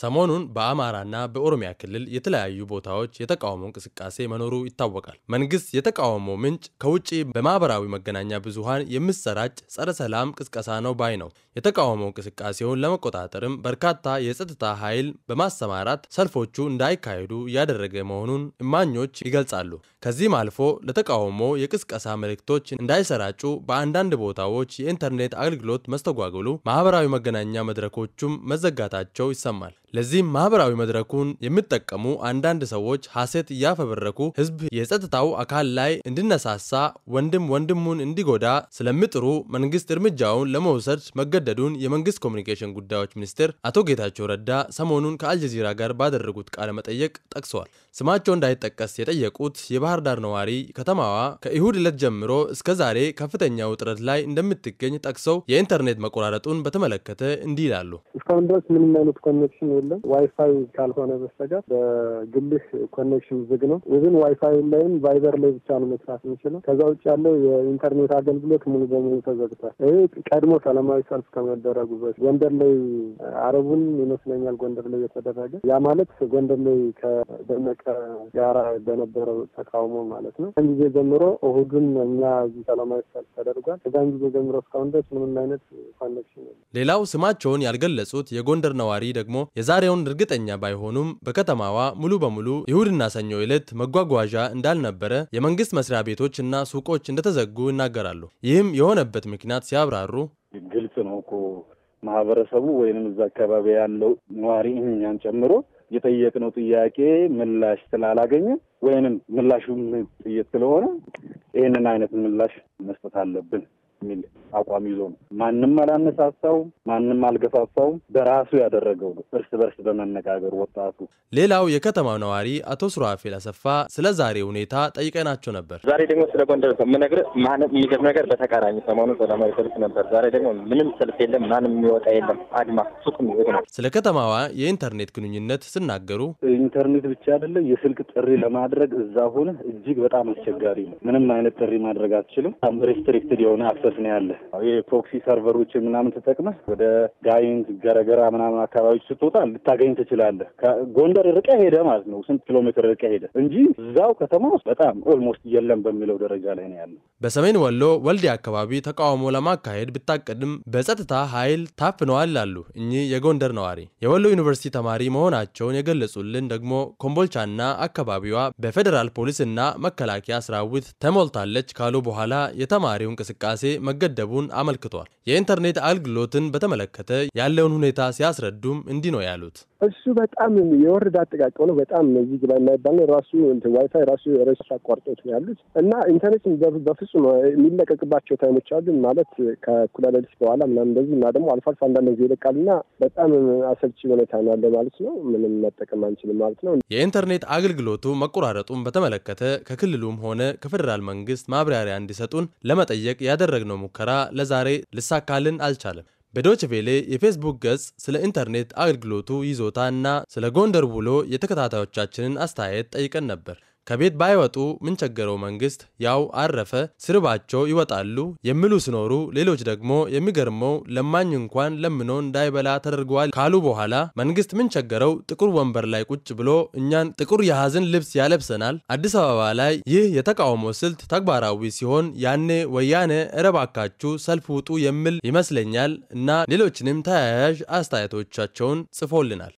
ሰሞኑን በአማራና በኦሮሚያ ክልል የተለያዩ ቦታዎች የተቃውሞ እንቅስቃሴ መኖሩ ይታወቃል። መንግስት የተቃውሞ ምንጭ ከውጭ በማህበራዊ መገናኛ ብዙሃን የሚሰራጭ ጸረ ሰላም ቅስቀሳ ነው ባይ ነው። የተቃውሞ እንቅስቃሴውን ለመቆጣጠርም በርካታ የጸጥታ ኃይል በማሰማራት ሰልፎቹ እንዳይካሄዱ እያደረገ መሆኑን እማኞች ይገልጻሉ። ከዚህም አልፎ ለተቃውሞ የቅስቀሳ መልእክቶች እንዳይሰራጩ በአንዳንድ ቦታዎች የኢንተርኔት አገልግሎት መስተጓገሉ ማህበራዊ መገናኛ መድረኮቹም መዘጋታቸው ይሰማል። ለዚህም ማህበራዊ መድረኩን የሚጠቀሙ አንዳንድ ሰዎች ሀሴት እያፈበረኩ ህዝብ የጸጥታው አካል ላይ እንዲነሳሳ፣ ወንድም ወንድሙን እንዲጎዳ ስለሚጥሩ መንግስት እርምጃውን ለመውሰድ መገደዱን የመንግስት ኮሚኒኬሽን ጉዳዮች ሚኒስትር አቶ ጌታቸው ረዳ ሰሞኑን ከአልጀዚራ ጋር ባደረጉት ቃለ መጠየቅ ጠቅሰዋል። ስማቸው እንዳይጠቀስ የጠየቁት የባህር ዳር ነዋሪ ከተማዋ ከኢሁድ ዕለት ጀምሮ እስከ ዛሬ ከፍተኛ ውጥረት ላይ እንደምትገኝ ጠቅሰው የኢንተርኔት መቆራረጡን በተመለከተ እንዲህ ይላሉ። እስካሁን ድረስ ምንም አይነት ኮኔክሽን የለም። ዋይፋይ ካልሆነ በስተቀር በግልህ ኮኔክሽን ዝግ ነው። ይዝን ዋይፋይ ላይም ቫይበር ላይ ብቻ ነው መስራት የሚችለው። ከዛ ውጭ ያለው የኢንተርኔት አገልግሎት ሙሉ በሙሉ ተዘግቷል። ይህ ቀድሞ ሰላማዊ ሰልፍ ከመደረጉ በፊት ጎንደር ላይ አረቡን ይመስለኛል ጎንደር ላይ የተደረገ ያ ማለት ጎንደር ላይ ከደመቀ ጋራ በነበረው ተቃውሞ ማለት ነው። ከዛን ጊዜ ጀምሮ እሁድን እኛ እዚህ ሰላማዊ ሰልፍ ተደርጓል። ከዛን ጊዜ ጀምሮ እስካሁን ድረስ ምንም አይነት ኮኔክሽን የለም። ሌላው ስማቸውን ያልገለጹት የጎንደር ነዋሪ ደግሞ የዛሬውን እርግጠኛ ባይሆኑም በከተማዋ ሙሉ በሙሉ እሁድና ሰኞ ዕለት መጓጓዣ እንዳልነበረ የመንግስት መስሪያ ቤቶች እና ሱቆች እንደተዘጉ ይናገራሉ። ይህም የሆነበት ምክንያት ሲያብራሩ ግልጽ ነው እኮ ማህበረሰቡ ወይንም እዛ አካባቢ ያለው ነዋሪ እኛን ጨምሮ የጠየቅነው ጥያቄ ምላሽ ስላላገኘ ወይንም ምላሹ ጥይት ስለሆነ ይህንን አይነት ምላሽ መስጠት አለብን የሚል አቋም ይዞ ነው። ማንም አላነሳሳው፣ ማንም አልገፋፋው፣ በራሱ ያደረገው ነው እርስ በርስ በመነጋገር ወጣቱ። ሌላው የከተማው ነዋሪ አቶ ሱራፌል አሰፋ ስለ ዛሬ ሁኔታ ጠይቀናቸው ነበር። ዛሬ ደግሞ ስለ ጎንደር የምነግርህ ማንም የሚገርም ነገር በተቃራኒ ሰሞኑ ሰላማዊ ሰልፍ ነበር። ዛሬ ደግሞ ምንም ሰልፍ የለም፣ ማንም የሚወጣ የለም። አድማ ሱቅም ዝግ ነው። ስለ ከተማዋ የኢንተርኔት ግንኙነት ስናገሩ ኢንተርኔት ብቻ አይደለም የስልክ ጥሪ ለማድረግ እዛ ሆነ እጅግ በጣም አስቸጋሪ ነው። ምንም አይነት ጥሪ ማድረግ አትችልም። ሬስትሪክትድ የሆነ እየተንከራተት ነው ያለ። የፕሮክሲ ሰርቨሮችን ምናምን ተጠቅመህ ወደ ጋይንት ገረገራ ምናምን አካባቢዎች ስትወጣ ልታገኝ ትችላለህ። ጎንደር ርቀ ሄደ ማለት ነው ስንት ኪሎ ሜትር ርቀ ሄደ እንጂ እዛው ከተማ ውስጥ በጣም ኦልሞስት የለም በሚለው ደረጃ ላይ ነው ያለ። በሰሜን ወሎ ወልዲ አካባቢ ተቃውሞ ለማካሄድ ብታቀድም በጸጥታ ኃይል ታፍነዋል አሉ እኚህ የጎንደር ነዋሪ። የወሎ ዩኒቨርሲቲ ተማሪ መሆናቸውን የገለጹልን ደግሞ ኮምቦልቻና አካባቢዋ በፌዴራል ፖሊስና መከላከያ ሰራዊት ተሞልታለች ካሉ በኋላ የተማሪው እንቅስቃሴ መገደቡን አመልክቷል። የኢንተርኔት አገልግሎትን በተመለከተ ያለውን ሁኔታ ሲያስረዱም እንዲህ ነው ያሉት። እሱ በጣም የወረደ አጠቃቀም ነው። በጣም እዚህ ግባ የማይባል ነው። ራሱ ዋይፋይ ራሱ ረሱ አቋርጦት ነው ያሉት እና ኢንተርኔት በፍጹም የሚለቀቅባቸው ታይሞች አሉ። ማለት ከእኩለ ሌሊት በኋላ ምናምን እንደዚህ እና ደግሞ አልፎ አልፎ አንዳንድ ጊዜ ይለቃል እና በጣም አሰልቺ ሁኔታ ነው ያለ ማለት ነው። ምንም መጠቀም አንችልም ማለት ነው። የኢንተርኔት አገልግሎቱ መቆራረጡን በተመለከተ ከክልሉም ሆነ ከፌዴራል መንግስት ማብራሪያ እንዲሰጡን ለመጠየቅ ያደረግነው ሙከራ ለዛሬ ልሳካልን አልቻለም። ቬሌ የፌስቡክ ገጽ ስለ ኢንተርኔት አገልግሎቱ ይዞታ እና ስለ ጎንደር ውሎ የተከታታዮቻችንን አስተያየት ጠይቀን ነበር። ከቤት ባይወጡ ምን ቸገረው? መንግስት ያው አረፈ፣ ስርባቸው ይወጣሉ የሚሉ ሲኖሩ፣ ሌሎች ደግሞ የሚገርመው ለማኝ እንኳን ለምኖ እንዳይበላ ተደርገዋል። ካሉ በኋላ መንግስት ምን ቸገረው? ጥቁር ወንበር ላይ ቁጭ ብሎ እኛን ጥቁር የሐዘን ልብስ ያለብሰናል። አዲስ አበባ ላይ ይህ የተቃውሞ ስልት ተግባራዊ ሲሆን ያኔ ወያኔ እረባካችሁ ሰልፍ ውጡ የሚል ይመስለኛል እና ሌሎችንም ተያያዥ አስተያየቶቻቸውን ጽፎልናል።